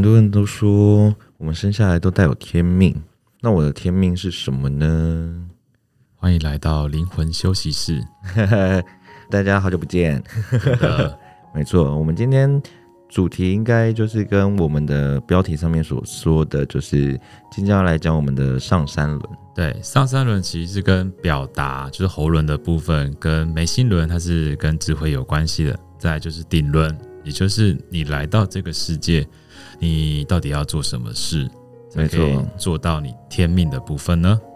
很多人都說我們生下來都帶有天命，那我的天命是什麼呢？歡迎來到靈魂休息室， 大家好久不見。的 沒錯，我們今天主題應該就是跟我們的標題上面所說的，就是今天要來講我們的上三輪。對，上三輪其實是跟表達，就是喉輪的部分，跟眉心輪它是跟智慧有關係的，再就是頂輪，也就是你來到這個世界。你到底要做什麼事才可以做到你天命的部分呢？沒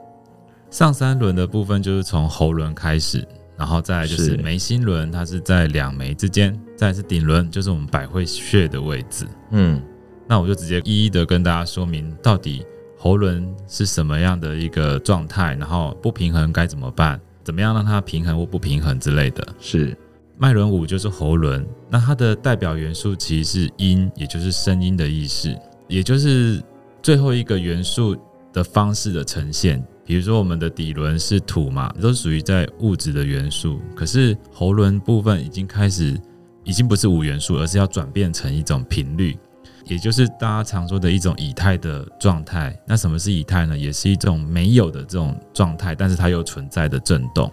錯。上三輪的部分就是從喉輪開始，然後再就是眉心輪，是它是在兩眉之間，再是頂輪，就是我們百會穴的位置。嗯，那我就直接一一的跟大家說明，到底喉輪是什麼樣的一個狀態，然後不平衡該怎麼辦，怎麼樣讓它平衡或不平衡之類的。是，脈輪五就是喉輪。那它的代表元素其實是音，也就是聲音的意思，也就是最後一個元素的方式的呈現。比如說，我們的底輪是土嘛，都屬於在物質的元素。可是喉輪部分已經開始，已經不是五元素，而是要轉變成一種頻率，也就是大家常說的一種以太的狀態。那什麼是以太呢？也是一種沒有的這種狀態，但是它又存在的震動。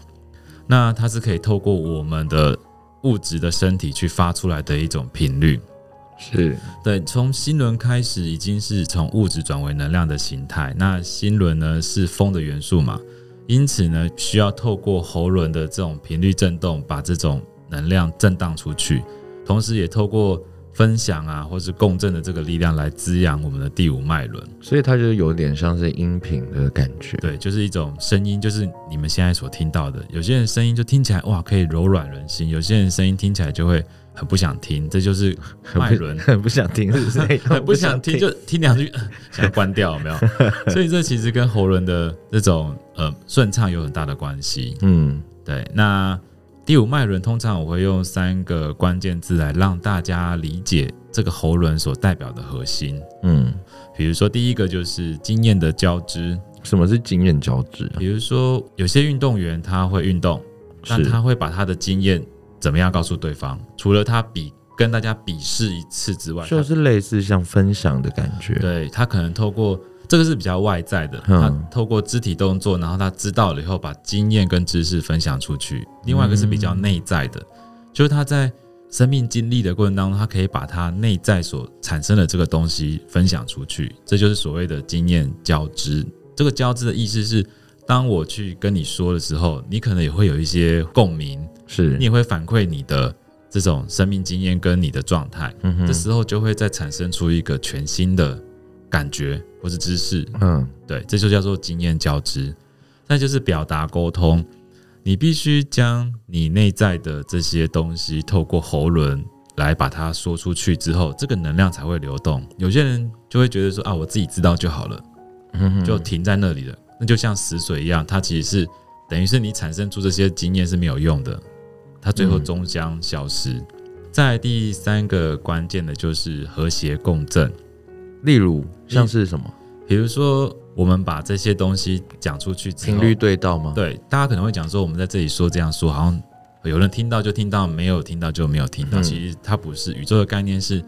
那它是可以透過我們的。物質的身體去發出來的一種頻率是，是對。從心輪開始，已經是從物質轉為能量的形態。那心輪呢，是風的元素嘛？因此呢，需要透過喉輪的這種頻率震動，把這種能量震盪出去，同時也透過。分享啊，或是共振的這個力量來滋養我們的第五脈輪，所以它就是有點像是音頻的感覺，對，就是一種聲音，就是你們現在所聽到的。有些人聲音就聽起來哇，可以柔軟人心；有些人聲音聽起來就會很不想聽，這就是脈輪很,很不想聽，是不是？很不想聽就聽兩句，想關掉有沒有？所以這其實跟喉輪的這種呃順暢有很大的關係。嗯，對，那。第五脈輪，通常我會用三個關鍵字來讓大家理解這個喉輪所代表的核心。嗯，比如說第一個就是經驗的交織。什麼是經驗交織啊？比如說有些運動員他會運動，那他會把他的經驗怎麼樣告訴對方？是除了他比跟大家比試一次之外，就是類似像分享的感覺。他，對，他可能透過。這個是比較外在的，他透過肢體動作，然後他知道了以後，把經驗跟知識分享出去。另外一個是比較內在的，就是他在生命經歷的過程當中，他可以把他內在所產生的這個東西分享出去。這就是所謂的經驗交織。這個交織的意思是，當我去跟你說的時候，你可能也會有一些共鳴，是你也會反饋你的這種生命經驗跟你的狀態。嗯哼，這時候就會再產生出一個全新的感覺。或是知識，嗯，對，這就叫做經驗交織。但就是表達溝通，你必須將你內在的這些東西透過喉嚨來把它說出去之後，這個能量才會流動。有些人就會覺得說啊，我自己知道就好了，嗯、哼就停在那裡了，那就像死水一樣。它其實是等於是你產生出這些經驗是沒有用的，它最後終將消失。再、嗯、第三個關鍵的就是和諧共振。例如，像是什麼？比如說，我們把這些東西講出去之後，頻率對到嗎？對，大家可能會講說，我們在這裡說這樣說，好像有人聽到就聽到，沒有聽到就沒有聽到。嗯、其實它不是，宇宙的概念是，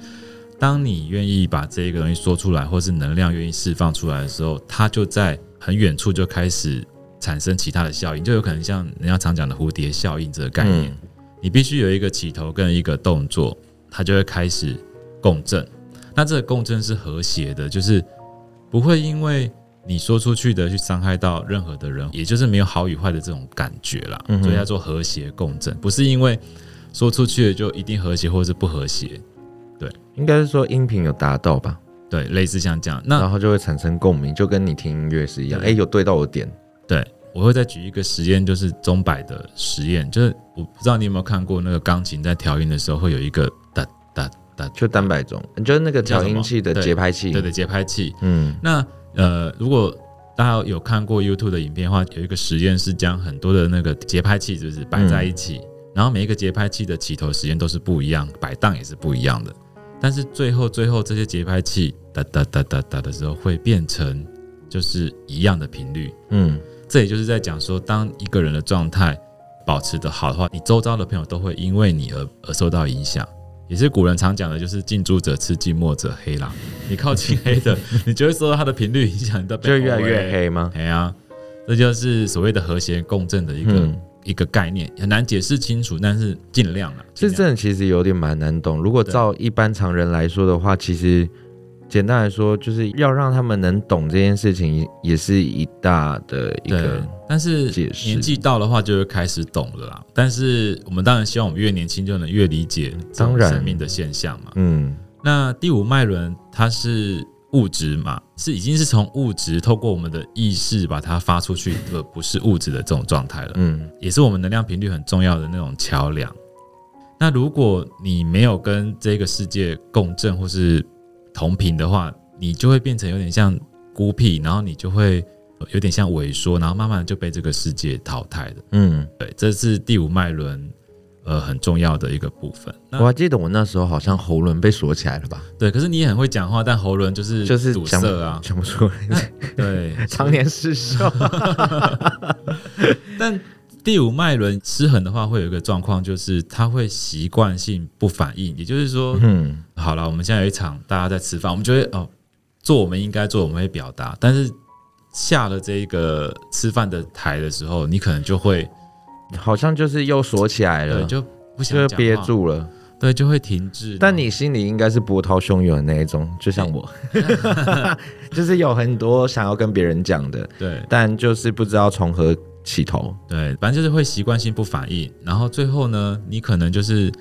當你願意把這一個東西說出來，或是能量願意釋放出來的時候，它就在很遠處就開始產生其他的效應。就有可能像人家常講的蝴蝶效應這個概念，嗯、你必須有一個起頭跟一個動作，它就會開始共振。那這個共振是和諧的，就是不會因為你說出去的去傷害到任何的人，也就是沒有好與壞的這種感覺啦。嗯、哼所以要做和諧共振，不是因為說出去的就一定和諧或是不和諧。對，應該是說音頻有達到吧？對，類似像這樣。那然後就會產生共鳴，就跟你聽音樂是一樣。哎，有對到我點。對，我會再舉一個實驗，就是鐘擺的實驗，就是我不知道你有沒有看過那個鋼琴在調音的時候會有一個。就單擺鐘，你就是那個調音器的節拍器，對，對的節拍器。嗯，那呃，如果大家有看過 YouTube 的影片的話，有一個實驗是將很多的那個節拍器，就是擺在一起，嗯、然後每一個節拍器的起頭時間都是不一樣，擺盪也是不一樣的。但是最後最後這些節拍器噠噠噠噠噠的時候，會變成就是一樣的頻率。嗯，這也就是在講說，當一個人的狀態保持得好的話，你周遭的朋友都會因為你而而受到影響。也是古人常講的，就是近朱者赤，近墨者黑啦。你靠近黑的， 你就會受到它的頻率影響，你你 A, 就越來越黑嗎？對啊，這就是所謂的和諧共振的一個、嗯、一個概念，很難解釋清楚，但是盡量啊。其實這真的其實有點蠻難懂，如果照一般常人來說的話，其實。簡單來說，就是要讓他們能懂這件事情，也是一大的一個。但是，年紀到的話，就會開始懂了啦。但是，我們當然希望我們越年輕就能越理解生命的現象嘛。嗯。那第五脈輪它是物質嘛？是已經是從物質透過我們的意識把它發出去，而不是物質的這種狀態了。嗯。也是我們能量頻率很重要的那種橋樑。那如果你沒有跟這個世界共振，或是同頻的話，你就會變成有點像孤僻，然後你就會有點像萎縮，然後慢慢就被這個世界淘汰的。嗯，對，這是第五脈輪呃很重要的一個部分。我還記得我那時候好像喉嚨被鎖起來了吧？對，可是你也很會講話，但喉嚨就是就是堵塞啊，講不,不出來。對，常 年失手。但第五脈輪失衡的話，會有一個狀況，就是他會習慣性不反應。也就是說，嗯，好了，我們現在有一場大家在吃飯，我們覺得哦，做我們應該做，我們會表達。但是下了這一個吃飯的台的時候，你可能就會好像就是又鎖起來了，就不想憋住了，對，就會停滯。但你心裡應該是波濤洶湧的那一種，就像我， 就是有很多想要跟別人講的，對，但就是不知道從何。起頭，對，反正就是會習慣性不反應，然後最後呢，你可能就是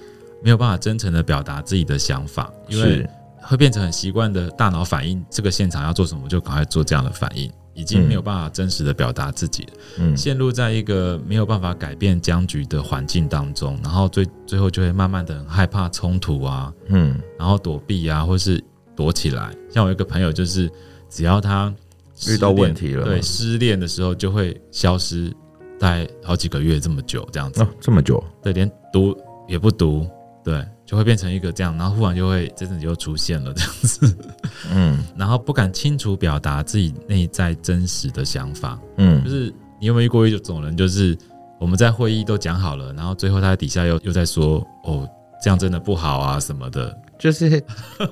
沒有辦法真誠的表達自己的想法，因為會變成很習慣的大腦反應，這個現場要做什麼就趕快做這樣的反應，已經沒有辦法真實的表達自己，嗯、陷入在一個沒有辦法改變僵局的環境當中，然後最最後就會慢慢的很害怕衝突啊，嗯，然後躲避啊，或是躲起來。像我一個朋友就是，只要他。遇到問題了，對，失戀的時候就會消失，待好幾個月這麼久這樣子，哦、這麼久，對，連讀也不讀，對，就會變成一個這樣，然後忽然就會，這陣子就出現了這樣子，嗯，然後不敢清楚表達自己內在真實的想法，嗯，就是你有沒有遇過一種人，就是我們在會議都講好了，然後最後他底下又又在說，哦，這樣真的不好啊什麼的。就是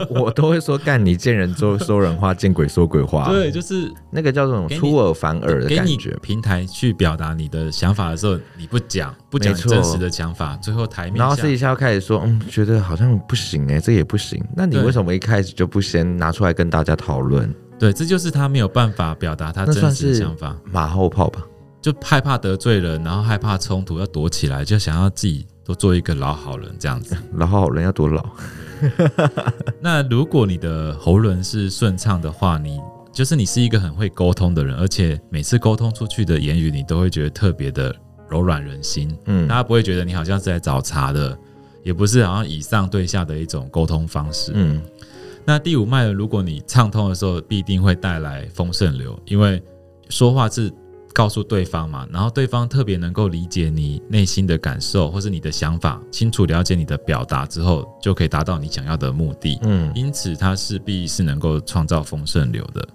我都會說，幹你見人就說人話，見鬼說鬼話。 對，就是那個叫做出爾反爾的感覺。平台去表達你的想法的時候，你不講，不講真實的想法，最後台面下面，然後私底下又開始說，嗯，覺得好像不行欸，這也不行。那你為什麼一開始就不先拿出來跟大家討論？對，這就是他沒有辦法表達他真實的想法，是馬後炮吧，就害怕得罪人，然後害怕衝突，要躲起來，就想要自己多做一個老好人這樣子。老好人要多老？ 那如果你的喉輪是順暢的話，你就是你是一個很會溝通的人，而且每次溝通出去的言語，你都會覺得特別的柔軟人心，嗯，大家不會覺得你好像是在找茬的，也不是好像以上對下的一種溝通方式，嗯。那第五脈如果你暢通的時候，必定會帶來豐盛流，因為說話是。告訴對方嘛，然後對方特別能夠理解你內心的感受，或是你的想法，清楚了解你的表達之後，就可以達到你想要的目的。嗯，因此它勢必是能夠創造豐盛流的。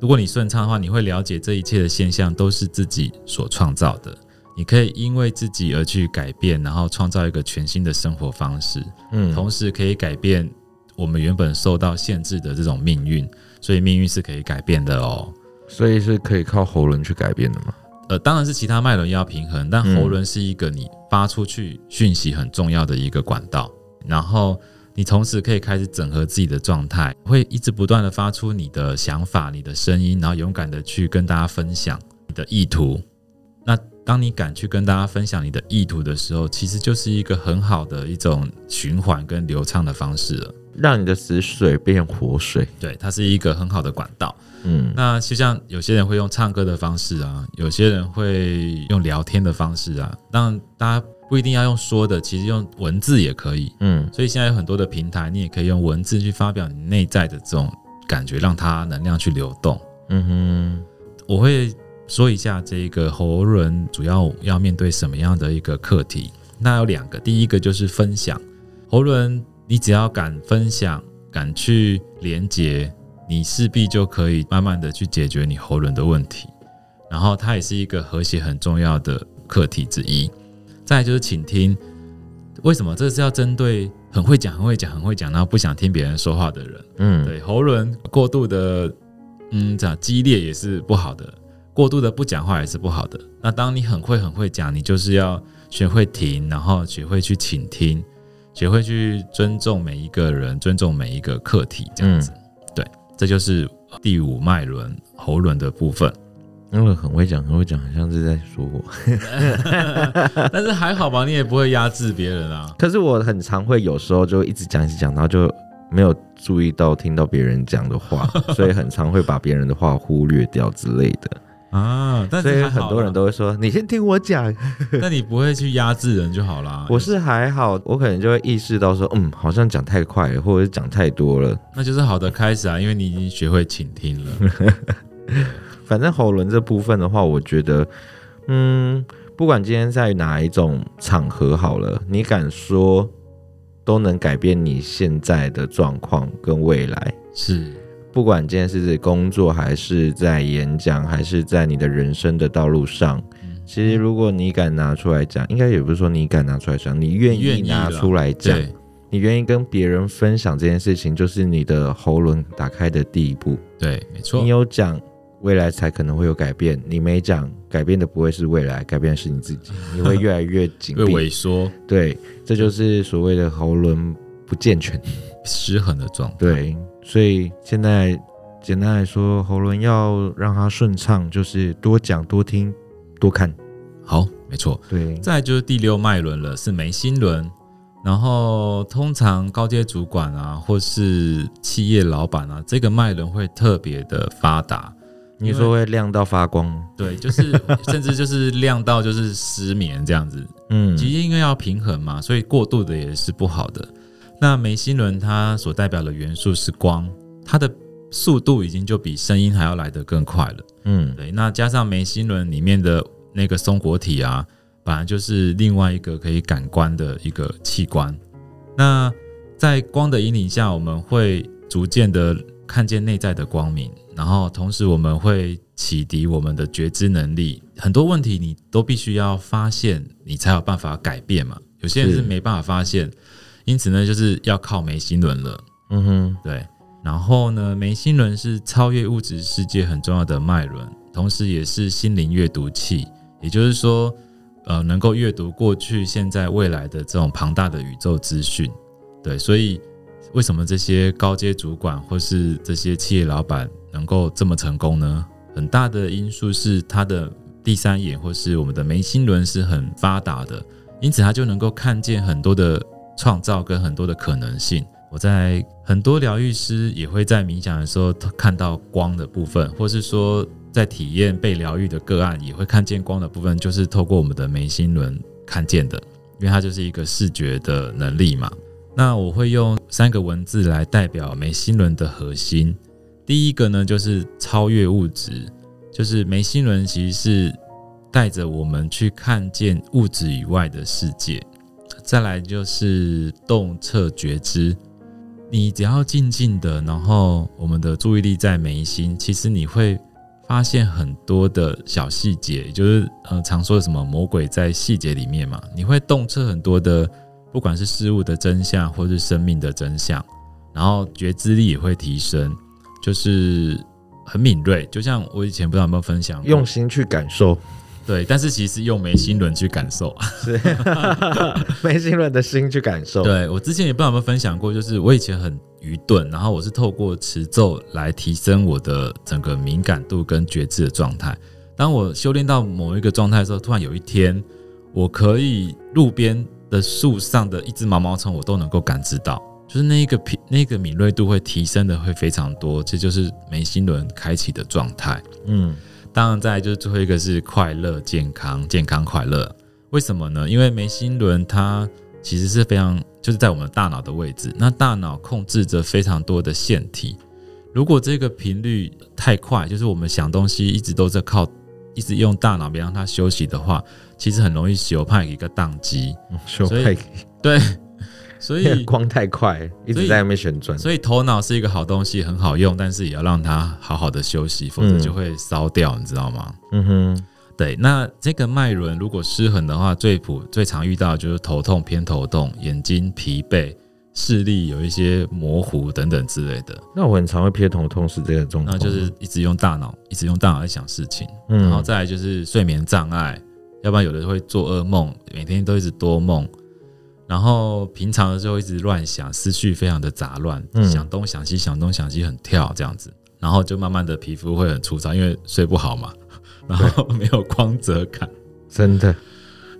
如果你順暢的話，你會了解這一切的現象都是自己所創造的。你可以因為自己而去改變，然後創造一個全新的生活方式。嗯，同時可以改變我們原本受到限制的這種命運，所以命運是可以改變的哦。所以是可以靠喉輪去改變的嗎？呃，當然是其他脈輪要平衡，但喉輪是一個你發出去訊息很重要的一個管道。嗯，然後你同時可以開始整合自己的狀態，會一直不斷地發出你的想法、你的聲音，然後勇敢的去跟大家分享你的意圖。那當你敢去跟大家分享你的意圖的時候，其實就是一個很好的一種循環跟流暢的方式了，讓你的死水變活水。對，它是一個很好的管道。嗯，那就像有些人會用唱歌的方式啊，有些人會用聊天的方式啊，讓大家不一定要用說的，其實用文字也可以。嗯，所以現在有很多的平台，你也可以用文字去發表你內在的這種感覺，讓它能量去流動。嗯哼，我會說一下這個喉輪主要要面對什麼樣的一個課題？那有兩個，第一個就是分享喉輪，你只要敢分享，敢去連接。你勢必就可以慢慢的去解決你喉輪的問題，然後它也是一個和諧很重要的課題之一。再就是傾聽，為什麼這是要針對很會講、很會講、很會講然後不想聽別人說話的人？嗯，對，喉輪過度的嗯講激烈也是不好的，過度的不講話也是不好的。那當你很會很會講，你就是要學會停，然後學會去傾聽，學會去尊重每一個人，尊重每一個課題，這樣子。嗯這就是第五脈輪、喉輪的部分，因為很會講，很會講，很像是在說我。 但是還好吧，你也不會壓制別人啊。可是我很常會，有時候就一直講，一直講，然後就沒有注意到聽到別人講的話，所以很常會把別人的話忽略掉之類的。 啊，但是所以很多人都會說：“你先聽我講。 ”那你不會去壓制人就好啦。我是還好，我可能就會意識到說：“嗯，好像講太快了，或者是講太多了。”那就是好的開始啊，因為你已經學會傾聽了。 反正喉輪這部分的話，我覺得，嗯，不管今天在哪一種場合，好了，你敢說，都能改變你現在的狀況跟未來。是。不管今天是工作，還是在演講，還是在你的人生的道路上，其實如果你敢拿出來講，應該也不是說你敢拿出來講，你願意拿出來講，你願意、啊、意跟別人分享這件事情，就是你的喉輪打開的第一步。對，沒錯，你有講，未來才可能會有改變；你沒講，改變的不會是未來，改變的是你自己，你會越來越緊閉萎縮。 縮對，這就是所謂的喉輪不健全、就 失衡的狀態。對。所以現在簡單來說，喉輪要讓它順暢，就是多講、多聽、多看。好，沒錯。對。再就是第六脈輪了，是眉心輪。然後通常高階主管啊，或是企業老闆啊，這個脈輪會特別的發達。嗯、為你說會亮到發光？對，就是甚至就是亮到就是失眠這樣子。 嗯，其實因為要平衡嘛，所以過度的也是不好的。那眉心輪它所代表的元素是光，它的速度已經就比聲音還要來得更快了。嗯，對。那加上眉心輪裡面的那個松果體啊，本來就是另外一個可以感官的一個器官。那在光的引領下，我們會逐漸的看見內在的光明，然後同時我們會啟迪我們的覺知能力。很多問題你都必須要發現，你才有辦法改變嘛。有些人是沒辦法發現。因此呢，就是要靠眉心輪了。嗯哼，對。然後呢，眉心輪是超越物質世界很重要的脈輪，同時也是心靈閱讀器，也就是說，呃，能夠閱讀過去、現在、未來的這種龐大的宇宙資訊。對，所以為什麼這些高階主管或是這些企業老闆能夠這麼成功呢？很大的因素是他的第三眼或是我們的眉心輪是很發達的，因此他就能夠看見很多的。創造跟很多的可能性，我在很多療癒師也會在冥想的時候看到光的部分，或是說在體驗被療癒的個案也會看見光的部分，就是透過我們的眉心輪看見的，因為它就是一個視覺的能力嘛。那我會用三個文字來代表眉心輪的核心，第一個呢，就是超越物質，就是眉心輪其實是帶着我們去看見物質以外的世界。再來就是洞徹覺知，你只要靜靜的，然後我們的注意力在眉心，其實你會發現很多的小細節，就是呃常說的什麼魔鬼在細節裡面嘛，你會洞徹很多的，不管是事物的真相或是生命的真相，然後覺知力也會提升，就是很敏銳。就像我以前不知道有沒有分享，用心去感受。對，但是其實是用眉心輪去感受是，是 眉心輪的心去感受對。對我之前也不知道有沒有分享過，就是我以前很愚鈍，然後我是透過持咒來提升我的整個敏感度跟覺知的狀態。當我修煉到某一個狀態的時候，突然有一天，我可以路邊的樹上的一隻毛毛蟲，我都能夠感知到，就是那個敏那個敏銳度會提升的會非常多。這就是眉心輪開啟的狀態。嗯。當然，再就是最後一個是快樂、健康、健康快樂。為什麼呢？因為眉心輪它其實是非常就是在我們大腦的位置，那大腦控制着非常多的腺體。如果這個頻率太快，就是我們想東西一直都是靠，一直用大腦，別讓它休息的話，其實很容易休拍一個宕機。休拍，所以對。所以光太快，一直在外面旋轉，所以頭腦是一個好東西，很好用，但是也要讓它好好的休息，嗯、否則就會燒掉，你知道嗎？嗯哼，對。那這個脈輪如果失衡的話，最普最常遇到的就是頭痛、偏頭痛、眼睛疲憊、視力有一些模糊等等之類的。那我很常會偏頭痛是這個狀況，那就是一直用大腦，一直用大腦在想事情，嗯、然後再來就是睡眠障礙，要不然有的時候會做噩夢，每天都一直多夢。然後平常的時候一直亂想，思緒非常的雜亂，嗯、想東想西，想東想西，很跳這樣子。然後就慢慢的皮膚會很粗糙，因為睡不好嘛，然後沒有光澤感，真的。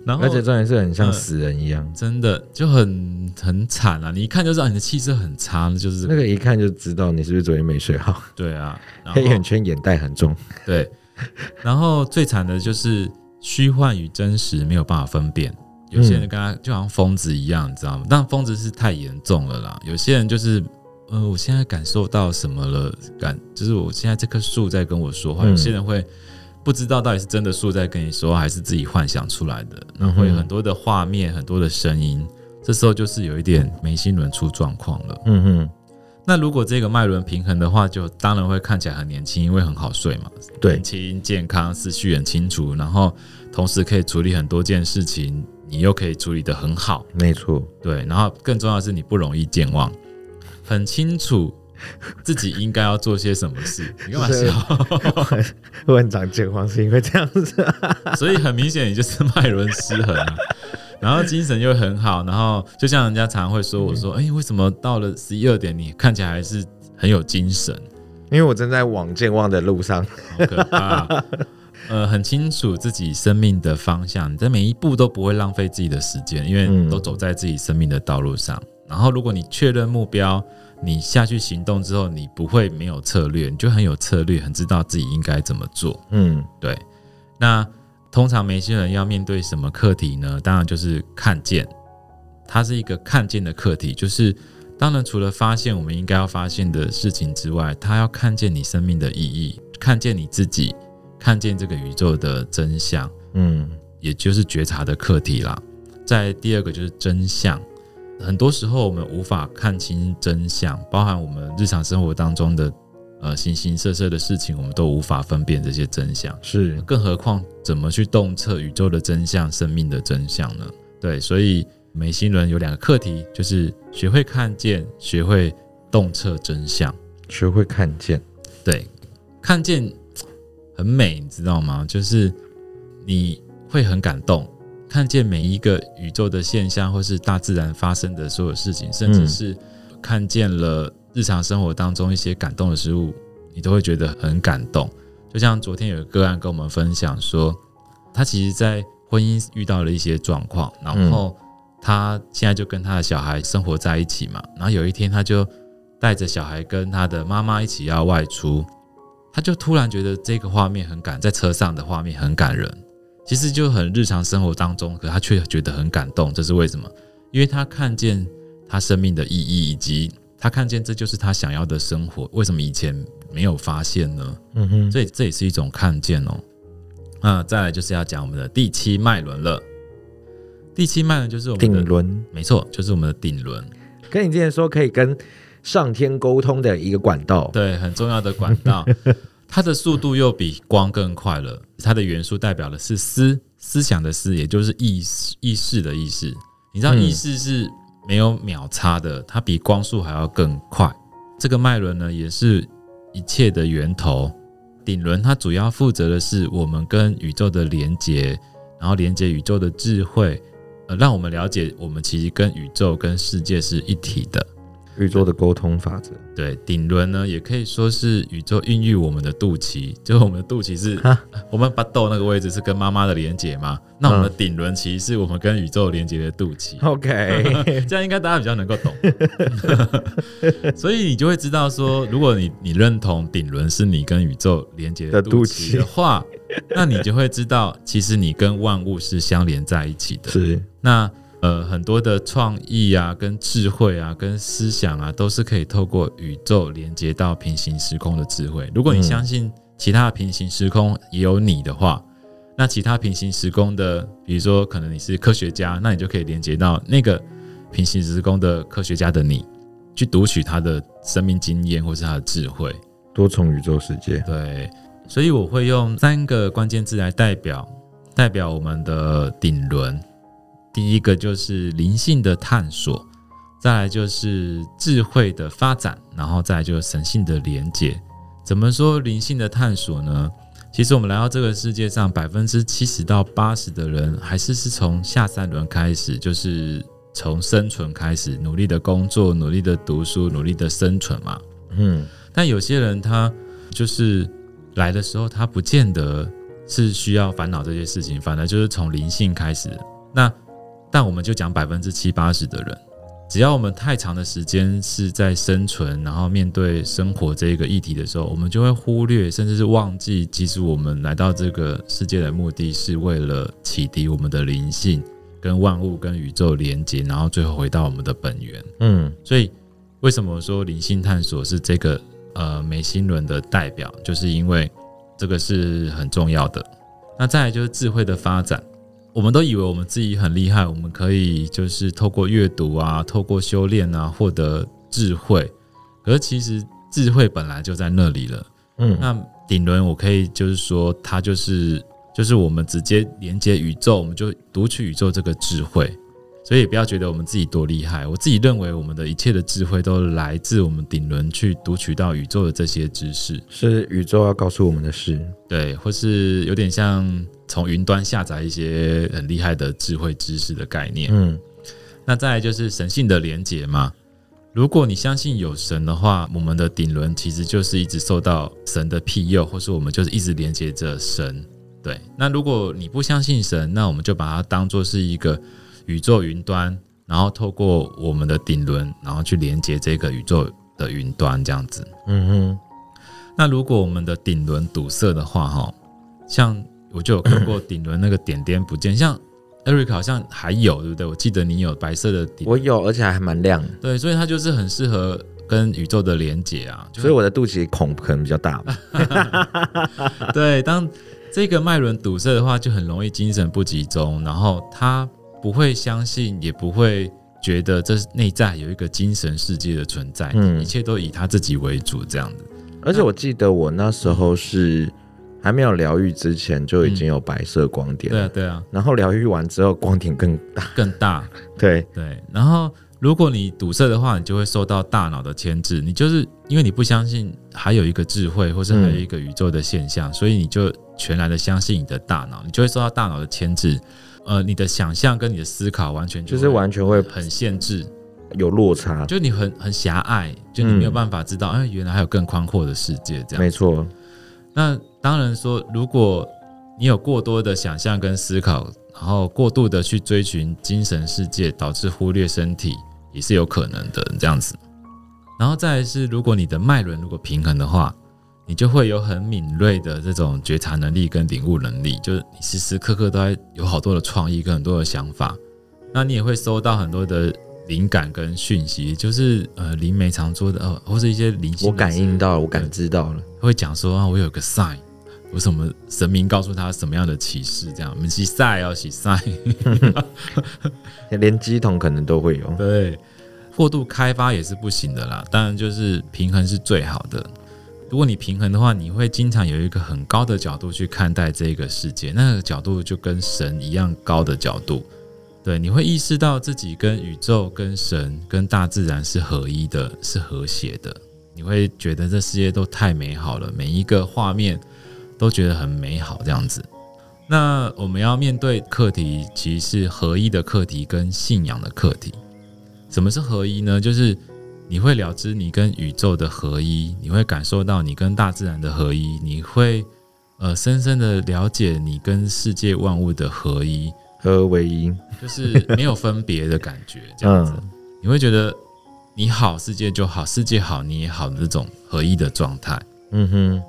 然後而且重點是很像死人一樣，呃、真的就很很慘啊！你一看就知道你的氣色很差，就是那個一看就知道你是不是昨天沒睡好。對啊，黑眼圈眼袋很重。對，然後最慘的就是虛幻與真實沒有辦法分辨。有些人跟他、嗯、就好像瘋子一樣，你知道嗎？但瘋子是太嚴重了啦。有些人就是，嗯、呃，我現在感受到什麼了？感就是我現在這棵樹在跟我說話。嗯、有些人會不知道到底是真的樹在跟你說話，還是自己幻想出來的。然後有很多的畫面，嗯哼、很多的聲音，這時候就是有一點眉心輪出狀況了。嗯哼。那如果這個脈輪平衡的話，就當然會看起來很年輕，因為很好睡嘛。對，年輕、健康、思緒很清楚，然後同時可以處理很多件事情。你又可以處理得很好，沒錯錯，對，然後更重要的是你不容易健忘，很清楚自己應該要做些什麼事， 你幹嘛要會長健忘？是因為這樣子， 所以很明顯你就是脈輪失衡啊。然後精神又很好，然後就像人家常，常會說我說，哎、嗯欸，為什麼到了十一二點你看起來還是很有精神？因為我正在往健忘的路上。好可怕 呃，很清楚自己生命的方向，你在每一步都不會浪費自己的時間，因為都走在自己生命的道路上。嗯、然後，如果你確認目標，你下去行動之後，你不會沒有策略，你就很有策略，很知道自己應該怎麼做。嗯，對。那通常眉心人要面對什麼課題呢？當然就是看見，它是一個看見的課題。就是當然除了發現我們應該要發現的事情之外，他要看見你生命的意義，看見你自己。看見這個宇宙的真相，嗯，也就是覺察的課題啦。再第二個就是真相，很多時候我們無法看清真相，包含我們日常生活當中的呃形形色色的事情，我們都無法分辨這些真相。是，更何況怎麼去洞徹宇宙的真相、生命的真相呢？對，所以眉心輪有兩個課題，就是學會看見，學會洞徹真相，學會看見，對，看見。很美，你知道嗎？就是你會很感動，看見每一個宇宙的現象，或是大自然發生的所有事情，甚至是看見了日常生活當中一些感動的事物，你都會覺得很感動。就像昨天有個個案跟我們分享說，他其實，在婚姻遇到了一些狀況，然後他現在就跟他的小孩生活在一起嘛。然後有一天，他就帶着小孩跟他的媽媽一起要外出。他就突然覺得這個畫面很感，在車上的畫面很感人。其實就很日常生活當中，可他卻覺得很感動，這是為什麼？因為他看見他生命的意義，以及他看見這就是他想要的生活。為什麼以前沒有發現呢？嗯哼，所以這也是一種看見哦、喔。那再來就是要講我們的第七脈輪了。第七脈輪就是我們的頂輪，頂輪。沒錯，就是我們的頂輪。跟你之前說，可以跟。上天溝通的一個管道，對，很重要的管道。它的速度又比光更快了。它的元素代表的是思，思想的思，也就是意識、意識的意思。你知道意識是沒有秒差的，它比光速還要更快。這個脈輪呢，也是一切的源頭。頂輪它主要負責的是我們跟宇宙的連接，然後連接宇宙的智慧，呃，讓我們了解我們其實跟宇宙、跟世界是一體的。對宇宙的溝通法則，對頂輪呢，也可以說是宇宙孕育我們的肚臍，就是我們的肚臍是、啊、我們巴豆那個位置，是跟媽媽的連接嘛？嗯、那我們的頂輪其實是我們跟宇宙連接的肚臍。OK， 這樣應該大家比較能夠懂。 所以你就會知道說，如果你你認同頂輪是你跟宇宙連接的肚臍的話，的肚 那你就會知道，其實你跟萬物是相連在一起的。是那。呃，很多的創意啊，跟智慧啊，跟思想啊，都是可以透過宇宙連接到平行時空的智慧。如果你相信其他平行時空也有你的話，嗯、那其他平行時空的，比如說可能你是科學家，那你就可以連接到那個平行時空的科學家的你，去讀取他的生命經驗或是他的智慧。多重宇宙世界，對。所以我會用三個關鍵字來代表代表我們的頂輪。第一個就是靈性的探索，再來就是智慧的發展，然後再來就是神性的連接。怎麼說靈性的探索呢？其實我們來到這個世界上，百分之七十到八十的人還是是從下三輪開始，就是從生存開始，努力的工作，努力的讀書，努力的生存嘛。嗯。但有些人他就是來的時候，他不見得是需要煩惱這些事情，反而就是從靈性開始。那但我們就講百分之七八十的人，只要我們太長的時間是在生存，然後面對生活這個議題的時候，我們就會忽略，甚至是忘記，其實我們來到這個世界的目的，是為了啟迪我們的靈性，跟萬物、跟宇宙連接，然後最後回到我們的本源。嗯，所以為什麼說靈性探索是這個呃眉心輪的代表，就是因為這個是很重要的。那再來就是智慧的發展。我們都以為我們自己很厲害，我們可以就是透過閱讀啊，透過修煉啊，獲得智慧。可是其實智慧本來就在那裡了，嗯。那頂輪，我可以就是說，它就是就是我們直接連接宇宙，我們就讀取宇宙這個智慧。所以也不要覺得我們自己多厲害，我自己認為我們的一切的智慧都來自我們頂輪去讀取到宇宙的這些知識，是宇宙要告訴我們的事，對，或是有點像從雲端下載一些很厲害的智慧知識的概念。嗯，那再來就是神性的連接嘛，如果你相信有神的話，我們的頂輪其實就是一直受到神的庇佑，或是我們就是一直連接着神。對，那如果你不相信神，那我們就把它當作是一個。宇宙雲端，然後透過我們的頂輪，然後去連接這個宇宙的雲端，這樣子。嗯哼。那如果我們的頂輪堵塞的話，哈，像我就有看過頂輪那個點點不見， 像 Eric 好像還有，對不對？我記得你有白色的頂，我有，而且還蠻亮。對，所以它就是很適合跟宇宙的連接啊。所以我的肚臍孔可能比較大。 對，當這個脈輪堵塞的話，就很容易精神不集中，然後它。不會相信，也不會覺得這是內在有一個精神世界的存在的。嗯，一切都以他自己為主這樣子。而且我記得我那時候是還沒有療癒之前就已經有白色光點，嗯。對啊，對啊。然後療癒完之後，光點更大，更大。 對對。然後，如果你堵塞的話，你就會受到大腦的牽制。你就是因為你不相信還有一個智慧，或是還有一個宇宙的現象，嗯、所以你就全然的相信你的大腦，你就會受到大腦的牽制。呃，你的想象跟你的思考完全就是完全會很限制，有落差，就你很很狹隘，就你沒有辦法知道，哎、嗯啊，原來還有更寬闊的世界這樣。沒錯，那當然說，如果你有過多的想象跟思考，然後過度的去追尋精神世界，導致忽略身體，也是有可能的這樣子。然後再來是，如果你的脈輪如果平衡的話，你就會有很敏銳的這種覺察能力跟領悟能力，就是你時時刻刻都在有好多的創意跟很多的想法，那你也會收到很多的靈感跟訊息，就是呃靈媒常說的哦，或是一些靈。我感應到了，我感知到了，會講說啊，我有個 sign，有什麼神明告訴他什麼樣的啟示，這樣我們洗 sign 要洗 sign、哦、 連乩童可能都會有。對，過度開發也是不行的啦，當然就是平衡是最好的。如果你平衡的話，你會經常有一個很高的角度去看待這個世界，那個角度就跟神一樣高的角度。對，你會意識到自己跟宇宙、跟神、跟大自然是合一的，是和諧的。你會覺得這世界都太美好了，每一個畫面都覺得很美好，這樣子。那我們要面對課題，其實是合一的課題跟信仰的課題。什麼是合一呢？就是。你會了知你跟宇宙的合一，你會感受到你跟大自然的合一，你會呃深深的了解你跟世界萬物的合一、合而為一，就是沒有分別的感覺。這樣子， 嗯、你會覺得你好，世界就好，世界好你也好的這種合一的狀態。嗯哼，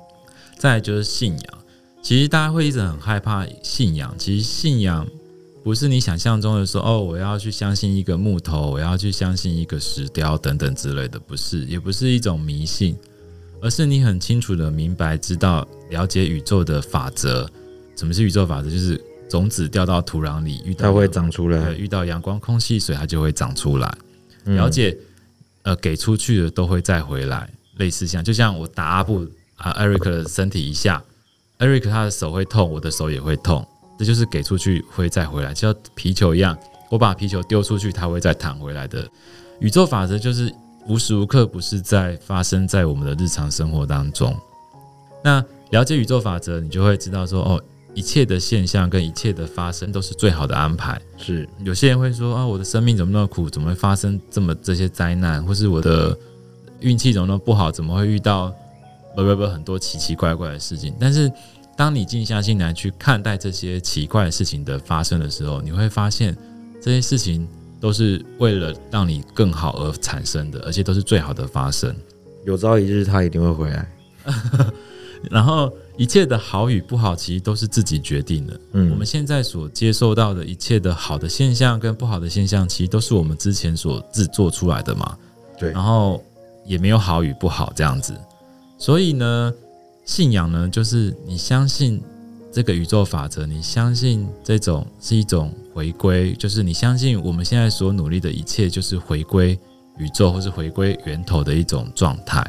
再就是信仰，其實大家會一直很害怕信仰，其實信仰不是你想象中的說哦，我要去相信一個木頭，我要去相信一個石雕等等之類的，不是，也不是一種迷信，而是你很清楚的明白、知道、了解宇宙的法則。什麼是宇宙法則？就是種子掉到土壤裡，遇到它會長出來；遇到陽光、空氣、水，它就會長出來。了解，嗯、呃，給出去的都會再回來，類似像，就像我打阿布啊，Eric 的身體一下，Eric 他的手會痛，我的手也會痛。就是給出去會再回來，像皮球一樣，我把皮球丟出去，它會再彈回來的。宇宙法則就是無時無刻不是在發生在我們的日常生活當中。那了解宇宙法則，你就會知道說，哦，一切的現象跟一切的發生都是最好的安排。是，有些人會說，啊，我的生命怎麼那麼苦，怎麼會發生這麼這些災難，或是我的運氣怎麼那麼不好，怎麼會遇到不不不很多奇奇怪怪的事情？但是。當你靜下心來去看待這些奇怪的事情的發生的時候，你會發現這些事情都是為了讓你更好而產生的，而且都是最好的發生。有朝一日他一定會回來。 然後一切的好與不好，其實都是自己決定的。嗯，我們現在所接受到的一切的好的現象跟不好的現象，其實都是我們之前所製作出來的嘛。對。然後也沒有好與不好這樣子，所以呢。信仰呢，就是你相信這個宇宙法則，你相信這種是一種回歸，就是你相信我們現在所努力的一切，就是回歸宇宙或是回歸源頭的一種狀態。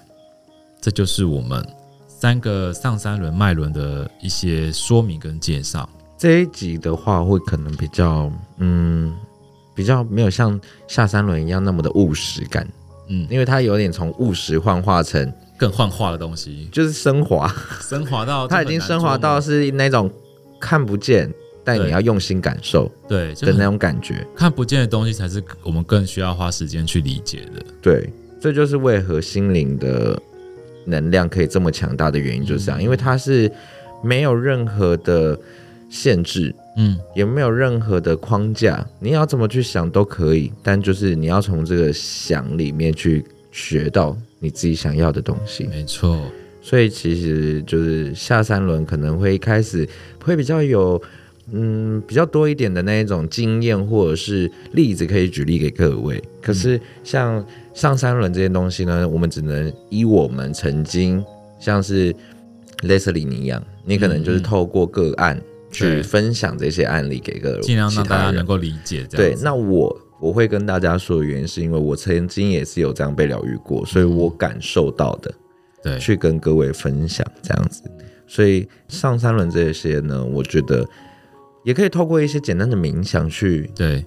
這就是我們三個上三輪脈輪的一些說明跟介紹。這一集的話，會可能比較嗯，比較沒有像下三輪一樣那麼的務實感，嗯，因為它有點從務實幻化成。更幻化的東西，就是升華，升華到它已經升華到是那種看不見，對但你要用心感受，對的那種感覺。看不見的東西才是我們更需要花時間去理解的。對，這就是為何心靈的能量可以這麼強大的原因，就是這樣，嗯嗯，因為它是沒有任何的限制，嗯，也沒有任何的框架，你要怎麼去想都可以，但就是你要從這個想裡面去。學到你自己想要的東西，沒錯。所以其實就是下三輪可能會開始會比較有，嗯，比較多一點的那一種經驗或者是例子可以舉例給各位。可是像上三輪這些東西呢，嗯、我們只能依我們曾經像是類似 Leslie 一樣，你可能就是透過個案去分享這些案例給各位，盡、嗯嗯、量讓大家能夠理解。對，那我。我會跟大家說的原因，是因為我曾經也是有這樣被療癒過，嗯、所以我感受到的，對，去跟各位分享這樣子。對所以上三輪這些呢，我覺得也可以透過一些簡單的冥想去對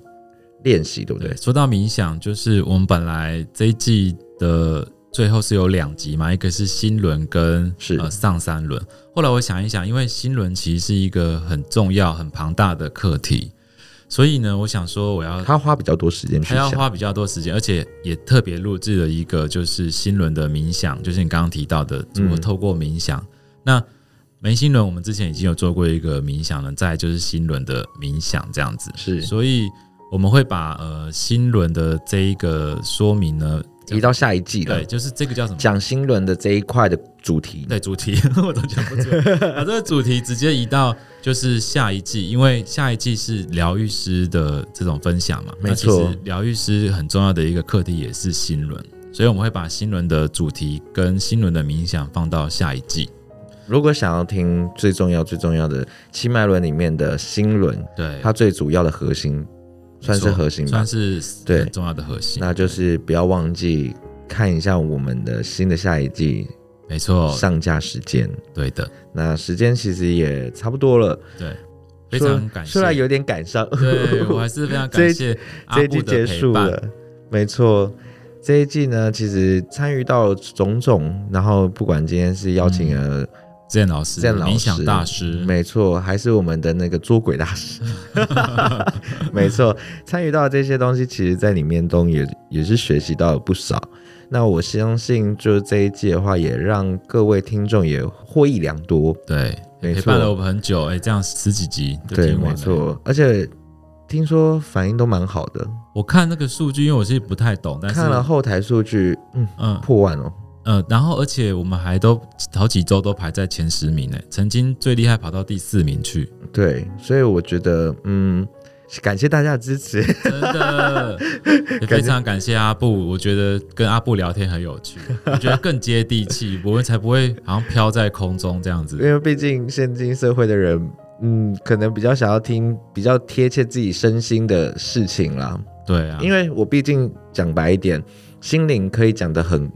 練習，對不對，對？說到冥想，就是我們本來這一季的最後是有兩集嘛，一個是心輪跟是、呃、上三輪。後來我想一想，因為心輪其實是一個很重要、很龐大的課題。所以呢，我想說，我要他花比較多時間，還要花比較多時間，而且也特別錄製了一個就是心輪的冥想，就是你剛剛提到的，怎麼透過冥想。嗯，那眉心輪，我們之前已經有做過一個冥想了，再就是心輪的冥想這樣子。是，所以我們會把呃心輪的這一個說明呢。移到下一季了就對。就是這個叫什麼？講心輪的這一塊的主題。對，主題我都講過。把、 啊、這個主題直接移到就是下一季，因為下一季是療癒師的這種分享嘛。沒錯。療癒師很重要的一個課題也是心輪，所以我們會把心輪的主題跟心輪的冥想放到下一季。如果想要聽最重要、最重要的七脈輪裡面的心輪，對它最主要的核心。算是核心，算是對，很重要的核心。對那就是不要忘記看一下我們的新的下一季，沒錯，上架時間，對的。那時間其實也差不多了，對，非常感謝。雖然有點感傷，對我還是非常感謝這一季結束了。沒錯，這一季呢，其實參與到種種，然後不管今天是邀請了、嗯。建老師，冥想大師，沒錯，還是我們的那個捉鬼大師， 沒錯。參與到這些東西，其實，在裡面都也也是學習到了不少。 那我相信，就是這一季的話，也讓各位聽眾也獲益良多。對，沒錯，陪伴了我們很久，哎、欸，這樣十幾集，對，沒錯。而且聽說反應都蠻好的。我看那個數據，因為我是不太懂，但是看了後台數據，嗯嗯，破萬了。嗯，然後而且我們還都好幾周都排在前十名呢，曾經最厲害跑到第四名去。對，所以我覺得，嗯，感謝大家的支持， 真的，也非常感謝阿布。覺我覺得跟阿布聊天很有趣， 我覺得更接地氣，我們才不會好像飄在空中這樣子。因為畢竟現今社會的人，嗯，可能比較想要聽比較貼切自己身心的事情啦。對啊，因為我畢竟講白一點，心靈可以講得很。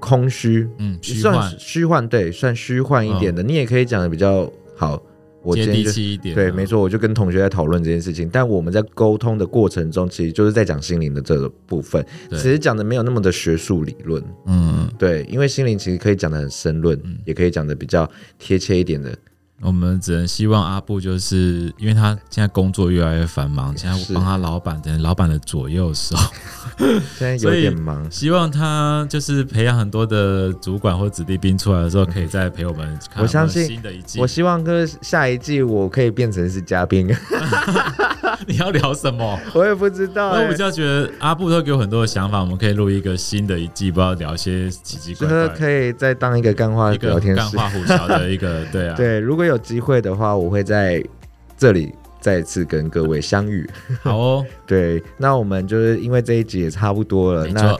空虛，嗯，虛幻算虛幻，對，算虛幻一點的。哦、你也可以講的比較好，我接地氣一點，對，哦、沒錯，我就跟同學在討論這件事情。但我們在溝通的過程中，其實就是在講心靈的這個部分，對其實講的沒有那麼的學術理論，嗯哼，對，因為心靈其實可以講的很深論，嗯、也可以講的比較貼切一點的。我們只能希望阿布，就是因為他現在工作越來越繁忙，現在我幫他老闆，等老闆的左右手，現在有點所以忙。希望他就是培養很多的主管或子弟兵出來的時候，可以再陪我們。我相信我新的一季，我希望跟下一季我可以變成是嘉賓。 你要聊什麼？我也不知道、欸，那我比較覺得阿布都給我很多的想法，我們可以錄一個新的一季，不知道聊些奇奇怪怪。所以可以再當一個幹話聊天室，幹話吐橋的一個對啊 對，如果有機會的話，我會在這裡再次跟各位相遇。好哦， 對，那我們就是因為這一集也差不多了，錯那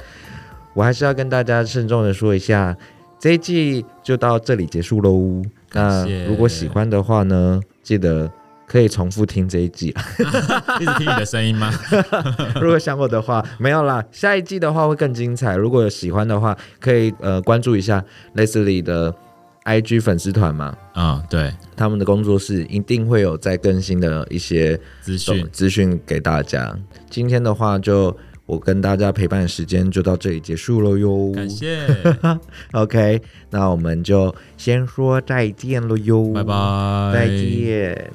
我還是要跟大家慎重的說一下，這一季就到這裡結束嘍。那如果喜歡的話呢，謝記得可以重複聽這一季、 啊，一直聽你的聲音嗎？ 如果想我的話，沒有啦，下一季的話會更精彩。如果有喜歡的話，可以呃關注一下 Leslie 的。IG 粉絲團嘛，啊、嗯，對，他們的工作室一定會有在更新的一些資訊資訊給大家。今天的話就，就我跟大家陪伴時間就到這裡結束了喲。感謝。 OK，那我們就先說再見了喲。拜拜，再見。